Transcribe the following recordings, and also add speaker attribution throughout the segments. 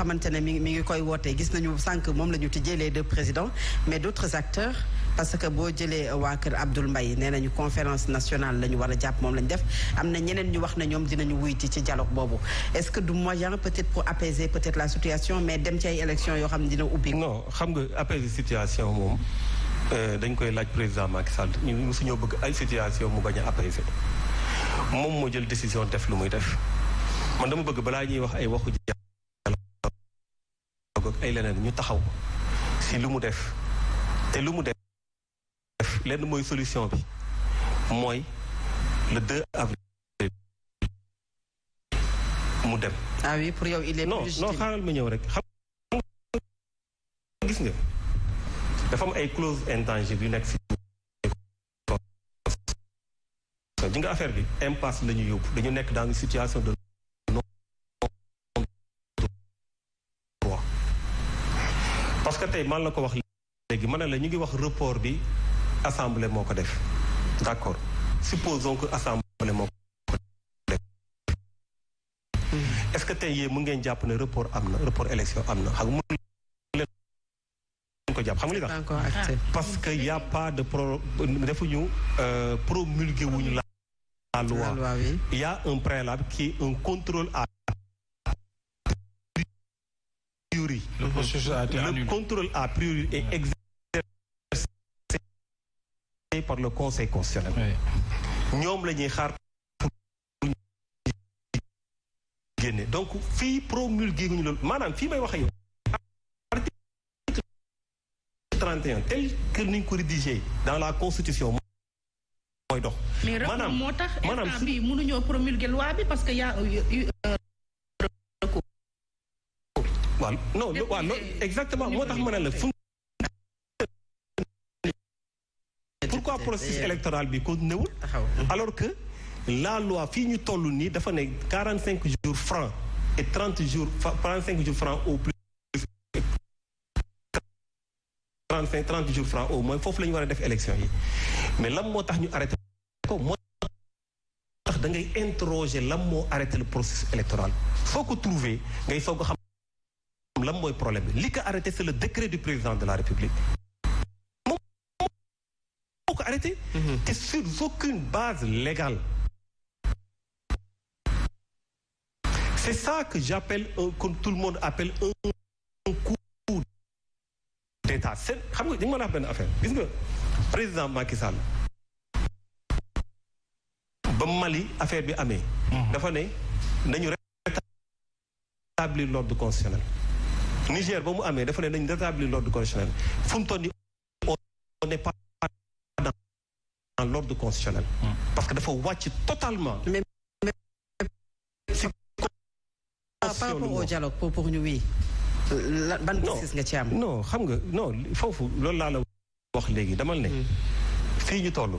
Speaker 1: xamante ne mi ngi mi ngi koy wootee gis nañu sànq moom la ñu tijjee les deux présidents mais d'autres acteurs parce que boo jëlee euh, waa kër Abdoul Mbaye nee nañu conférence nationale la ñu a jàpp moom la ñu def am na ñeneen ñu wax na ñoom dinañu wuyti ci dialogue boobu est-ce que du moyen peut-être pour apaiser peut-être la situation mais dem ci ay élections yoo xam ne dina ubbi. non
Speaker 2: xam nga apaiser situation moom euh, dañ koy laaj président Macky Sall ñun mosuñoo bëgg ay situation mu a apaiser moom moo jël décision def lu muy def man dama bëgg balaa ñuy ay leneen ñu taxaw si lu mu def te lu mu def lenn mooy solution bi mooy le 2 avril mu dem.
Speaker 1: ah oui yow il est. non non xaaral
Speaker 2: ma ñëw rek xam gis nga dafa am ay clause intangible yu nekk si. ji nga affaire bi impasse la ñu dañu nekk dans une situation de. tey man la ko wax léegi ma ne la ñu ngi wax report bi assemblée moo ko def d' accord supposons que assemblée moo ko def est ce que tey yee mu ngeen jàpp ne report am na report élection am na xam ko jàpp xam nga li tax parce que y' a pas de pro defuñu euh, promulgué wuñu la loi y' a un préalable qui un contrôle processus a été annulé. Le contrôle a priori est exercé par le conseil constitutionnel. ñoom la ñuy xaar génne donc fii promulgué guñu loolu maanaam fii may wax ak yow article 31 tel que niñ ko rédigé dans la constitution mooy dox.
Speaker 3: maanaam maanaam mais moo tax instant bi parce que y'
Speaker 2: waaw non waaw non exactement moo tax ma ne la fu pourquoi processus électoral bi ko newul alors que la loi fii ñu toll nii dafa ne quarante cinq jours francs et trente jours quarante cinq jours francs au plus trente cinq trente jours francs au moins foofu la ñu war a def élection yi mais lan moo tax ñu arrêté ko moo tax da ngay interroger lan moo arrêté le processus électoral foo ko trouver ngay soog xam lan mooy problème bi li ko arrêté c'est le décret du président de la république moom moo ko arrêté mhm. te sur aucune base légale c'est ça que j'appelle comme tout le monde appelle un coup d'état seen xam nga dañu mën a wax benn affaire gis nga président Macky Sall ba Mali affaire bi amee mhm. dafa ne nañu rétablir l'ordre constitutionnel Niger ba mu amee dafa ne nañ rétablir l'ordre constitutionnel fu mu toll nii on n'est pas dans parce que dafa wàcc totalement mais par rapport au dialogue pour pour ñu wii xam nga no foofu loolu laa la wax léegi demal ne hmm. fii ñu toll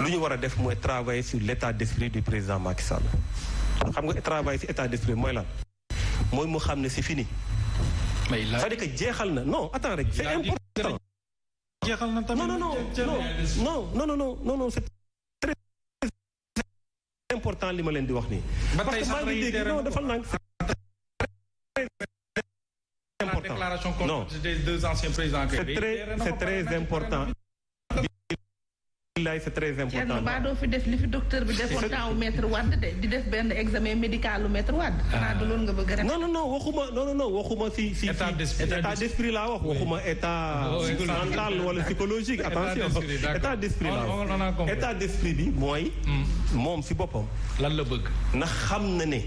Speaker 2: lu ñu war a def mooy travailler sur l'état d'esprit du président Macky Sall xam nga travail ci état d'esprit mooy lan mooy mu xam ne si fini. mais il cest jeexal na non attends rek c'est important. jeexal na tamit non non non non li ma leen di wax nii. parce que maa ngi dégg non dafa nang important non c'est c'est très important. billaay c'est doo
Speaker 3: fi def li fi docteur bi defoon taawu maître Wade de di def benn examen médical lu maître Wade ah. xanaa du loolu nga bëgg rek non
Speaker 2: non non waxuma non non état d'esprit laa wax waxuma état mental oh, wala psychologique attention état d'esprit bi mooy hmm. moom si boppam lan la bëgg na xam na ne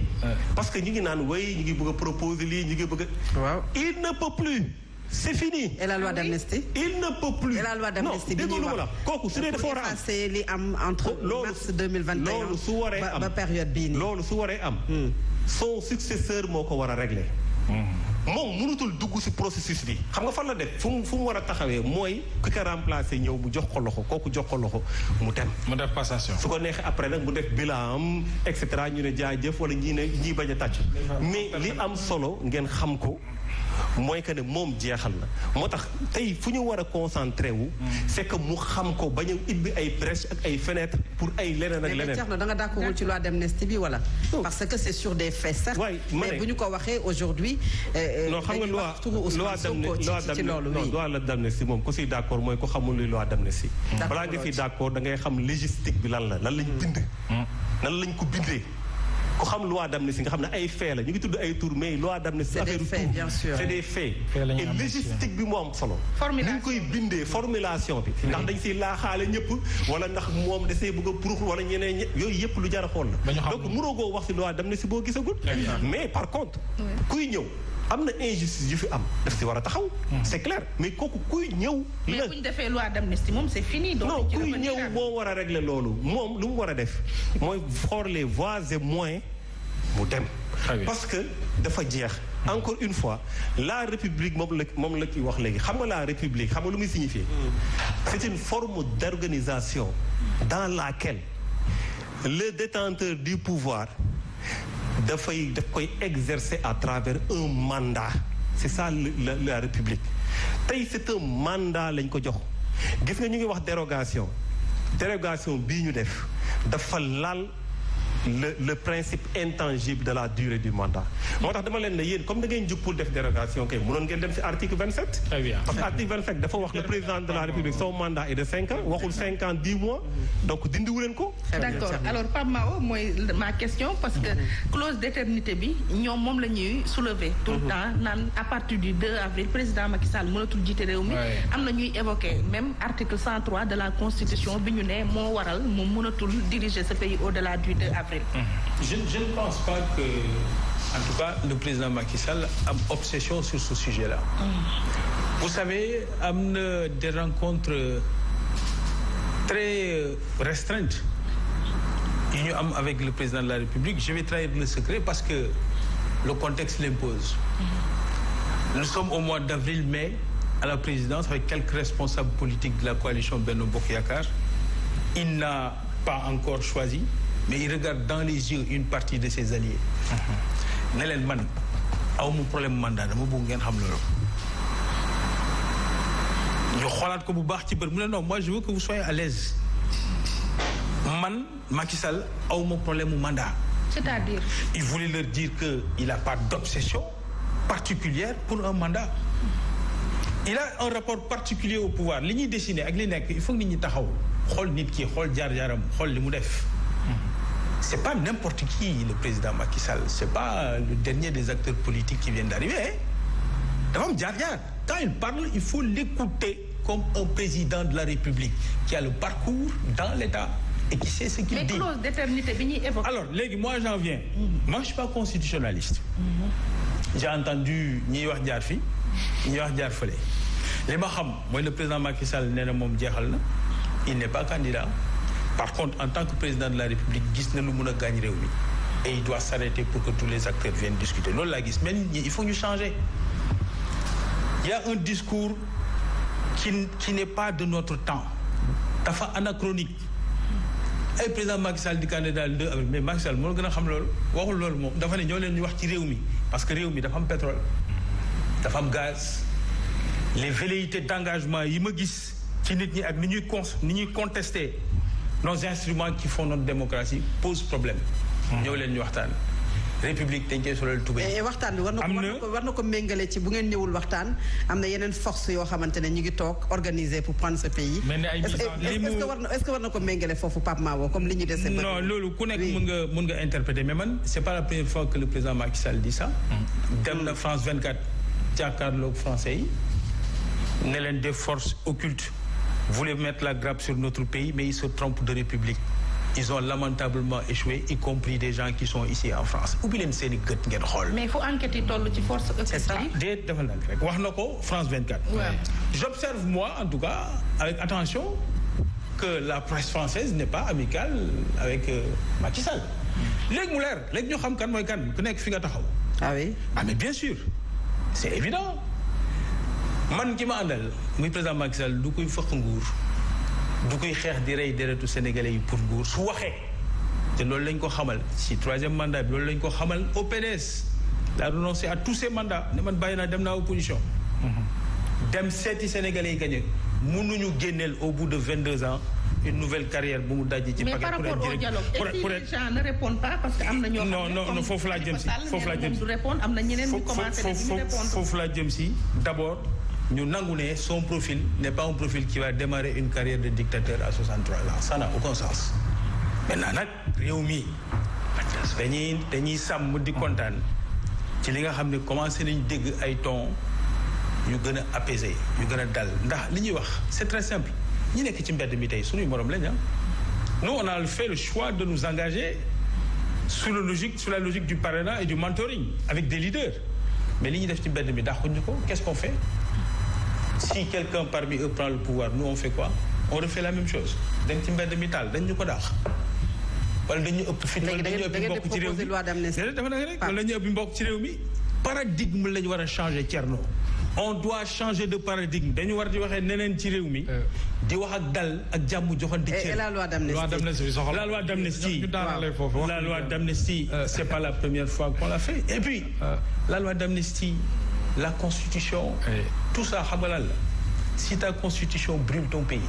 Speaker 2: parce que ñu ngi naan way ñu ngi bëgg a proposer lii ñu ngi bëgg a waaw
Speaker 1: il ne peut plus c'est fini. et la loi ah d'amnistie. il ne et la loi d'amnistie bi ñuy wax kooku su dee dafa war a am li am entre. Oh, mars 2021 loolu su waree am ba période bii nii. su waree am. Hmm. son successeur moo ko war a régler. Hmm. moom mënutul dugg ci processus
Speaker 2: bi. xam nga fan la def fu mu fu war a taxawee mooy ku ko remplacer ñëw mu jox ko loxo kooku jox ko loxo mu dem. mu def su ko neexee après nag mu def bilan am et cetera ñu ne jaajëf wala ñii ne ñii bañ a tàcc. mais li am solo ngeen xam ko. mooy que ne moom jeexal na moo tax tey fu ñu war a concentré wu. c' mu xam ko ba a ubbi
Speaker 1: ay brèche ak ay fenêtre
Speaker 2: pour ay leneen ak leneen. mais da
Speaker 1: nga d'accordul ci loi d'amnistie bi wala. parce que c' sur des faits sax. mais bu ñu ko waxee aujourd'hui euh, euh, non xam nga loi loi d'amnistie loi
Speaker 2: d'amnistie moom ku si d' mooy ku xamul luy loi d'amnistie balaa nga si d' accord ngay xam légistique bi lan la lan lañ bind. Mm. lañ ko bindee. ku xam loi d'amnistie nga xam ne ay fait la ñu ngi tudd ay tour mais loi d'amnistie affaire tout c'est des logistique bi moom am solo ni ñu koy bindee formulation bi ndax dañ siy laaxaale ñëpp wala ndax moom dasee bëgg a purux wala ñeneen yooyu yëpp lu jar xool la donc mënoo koo wax si loi si boo gisagul mais par contre kuy ñëw am na injustice yu fi am daf si war a taxaw. Hmm. c'est clair mais kooku kuy ñëw. mais
Speaker 3: bu defee loi d'amnistie moom c'est fini. non kuy
Speaker 2: ñëw moo war a régler loolu moom lu mu war a def mooy xool les voies et moyens mu dem. parce que dafa jeex. encore une fois la république moom la moom la ki wax léegi xam nga la république xam nga lu muy signifier hmm. c'est une forme d'organisation dans laquelle le détenteur du pouvoir dafay daf koy exercer à travers un mandat c'est ça la la république tey c'est un mandat lañ ko jox gis nga ñu ngi wax dérogation dérogation bii ñu def dafa lal le le principe intangible de la durée du mandat. moo tax dama leen ne comme da ngeen def dérogation kay mënoon ngeen dem si article 27. très bien parce que dafa wax le président de la république son mandat est de 5 waxul 5 ans
Speaker 3: mois donc dindi leen ko. d' accord alors Pape mooy ma question parce que mhm. clause d' bi ñoom moom la ñuy tout mhm. temps naan à partir du avril président Macky mënatul jiite réew mi. am na ñuy évoquer même
Speaker 4: c'est-à-dire je je ne pense pas que en tout cas le président Macky Sall am obsession sur ce sujet-là.
Speaker 1: Mm.
Speaker 4: vous savez am na des rencontres très euh, restreintes yu ñu am avec le président de la République je vais trahir le secret parce que le contexte l'impose. Mm. nous sommes au mois d'avril-mai à la présidence avec quelques responsables politiques de la coalition Benno Bokk Yakaar il n'a pas encore choisi mais il regarde dans les yeux une partie de ses alliés.
Speaker 2: Uh-huh.
Speaker 4: ne leen man aw mu problème mandat dama bëgg ngeen xam loolu. ñu xoolaat ko bu baax ci bër mu ne non moi je veux que vous soyez à l'aise man makisal Sall aw ma problème mu mandat. c'est-à-dire. il voulait leur dire a pour un mandat. il a un rapport particulier au pouvoir li ñuy dessiner ak li nekk il faut nit ñi taxaw xool nit ki xool jaar-jaaram xool li mu def. c'est pas n'importe qui le président Macky Sall c'est pas le dernier des acteurs politiques qui viennent d'arriver dafa am jaar-jaar quand il parle il faut l'écouter comme un président de la République qui a le parcours dans l'État et qui sait ce qu'il dit les
Speaker 3: clauses d'éternité bi ñuy alors
Speaker 4: léegi moi j'en viens mm-hmm. moi je suis pas constitutionnaliste
Speaker 3: mm-hmm.
Speaker 4: j'ai entendu ñiy wax jaar fi ñiy wax jaar fële li ma xam mooy le président Macky Sall nee na moom jeexal na il n'est pas candidat par contre en tant que président de la république gis na lu mun a gaañ réew mi et il doit s'arrêter pour que tous les acteurs viennent discuter loolu laa gis mais il faut ñu changer il un discours qui qui n'est pas de notre temps dafa anachronique ay président Macky di candidat daal 2 avril mais Macky Sall moo gën a xam loolu waxul loolu moom dafa ne ñoo leen ñu wax ci réew mi parce que réew mi dafa am pétrole dafa am gaz les velléités d'engagement yi ma gis ci nit ñi ak ni ñuy cons ni ñuy contester nos instruments qui font notre démocratie posent problème. ñëw leen waxtaan. république dañ koy solal tubéy. Eh, waxtaan
Speaker 1: bi war na ko war na ko méngale ci bu ngeen ñëwul waxtaan am na yeneen force yoo xamante ne ñu ngi toog organiser pour prendre ce pays. mais ne ay est-ce que war na est-ce que war na ko méngale foofu Pape Mawo comme li ñu dese. non loolu ku nekk mën
Speaker 4: nga mën nga interpréter mais man c'est pas la première mm. dem na France 24 jàkkaarloog des forces occultes. voulaient mettre la grappe sur notre pays, mais ils se trompent de république. ils ont lamentablement échoué y compris des gens qui sont ici en France ubbi leen seen i gët ngeen xool.
Speaker 3: mais fu enquête yi toll ci force. c'est ça déet dafa nank rek wax na ko France
Speaker 4: 24. j'observe moi en tout cas avec attention que la presse française n'est pas amicale avec euh, Macky Sall. léegi mu leer xam kan mooy kan ku nekk fi nga taxaw. ah, ah bien sûr man ki ma àndal muy président Macky Sall du koy fëq nguur du koy xeex di rey deretu sénégalais yi pour nguur su waxee te loolu lañ ko xamal ci troisième mandat bi loolu lañ ko xamal au PDS la renoncé à tous ses mandats ne man bàyyi naa dem naa opposition mhm. dem seeti sénégalais yi gagné mënuñu génneel au bout de vingt deux ans une nouvelle carrière bu mu dajji ci paquet pour être direct pour pour les
Speaker 3: gens ne répondent pas parce que am na ñoo xam ne non non foofu laa jëm
Speaker 4: si foofu laa ñu nangu ne son profil ne pas un profil qui va démarrer une carrière de dictateur à 63 ans ça n'a aucun naa nag réew mi dañuy dañuy sàmm di kontaan ci li nga xam ne commencé nañ dégg ay ton yu gën a apaisé yu gën a dal ndax li ñuy wax c'est très simple ñi nekk ci mbedd mi tey suñuy morom lañ ah nous on a fait le choix de nous engager sur la logique sur la logique du parrainage et du mentoring avec des leaders mais li ñuy def ci mbedd mi dàquñu ko quest si quelqu'un parmi eux prend le pouvoir nous on fait quoi on refait la même chose dañ ci mbedd mi taal dañ ñu ko daax wala dañu ëpp fit wala dañu ëpp mbokk ci réew mi dafa nag rek wala dañu ëpp mbokk lañu war a changer Thierno on doit changer de paradigme dañu war di waxee neneen ci réew mi euh. di wax ak dal ak jàmm joxante cër la loi d'amnistie la loi d'amnistie la loi d'amnistie c'est pas la première fois qu'on l'a fait et puis euh. la loi d'amnistie la constitution tout ça xam nga lan la si constitution brûle ton pays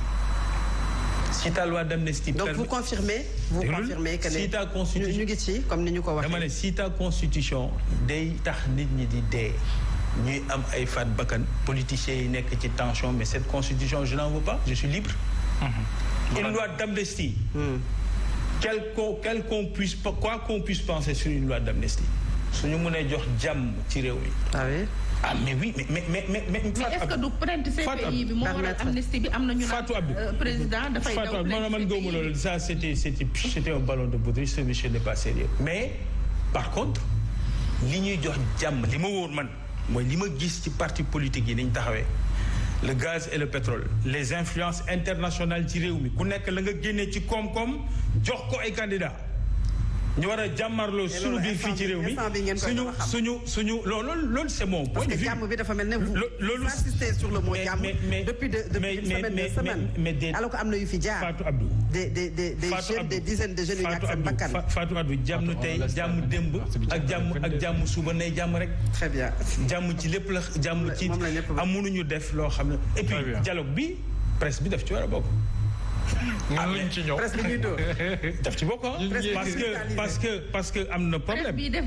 Speaker 4: si ta loi d'amnistie donc vous
Speaker 1: confirmez vous confirmez que si
Speaker 4: ta constitution ñu ngi ci comme ni ñu ko waxee dama ne si ta constitution day tax nit ñi di dee ñuy am ay faat bakkan politiciens yi nekk ci tension mais cette constitution je n'en veux pas je suis libre
Speaker 2: mhm.
Speaker 4: une loi d'amnistie hmm. quel qu'on quel puisse quoi qu'on puisse penser sur une loi d'amnistie suñu mënee jox jàmm ci réew mi ah ah mais oui mais mais mais mais. mais
Speaker 3: est-ce que na ñu naan euh, président dafay daw. Fatou man
Speaker 4: man gëmuma loolu ça c'était c'était c'était un ballon de baudruche ce monsieur n'est par contre li ñuy jox jàmm li ma wóor man mooy li ma gis ci parti politique yi ni taxawee le gaz et le pétrole les influences internationales ci réew mi ku nekk la nga génnee ci koom-koom jox ko ay candidats. ñu war a jàmmarloo suñu biir fii ci réew mi suñu
Speaker 1: suñu suñu loolu loolu c'est mon point de vue. parce que jàmm bi dafa mel ne vous loolu insistez sur le mot jàmm depuis de depuis une semaine deux semaines alors que am na yu fi jaar Fatou Abdou
Speaker 4: des des des des jeunes des dizaines de jeunes yu ñàkk seen bakkan Fatou Abdou jàmm tey jàmm démb ak jàmm ak jàmm suba nay jàmm rek très bien jàmm ci lépp la jàmm ci amunuñu def loo xam ne et puis dialogue bi presse bi daf ci war a bokk ñëwuñ ci ñoom. daf ci bokk ah. parce que parce que parce que am na
Speaker 3: problème.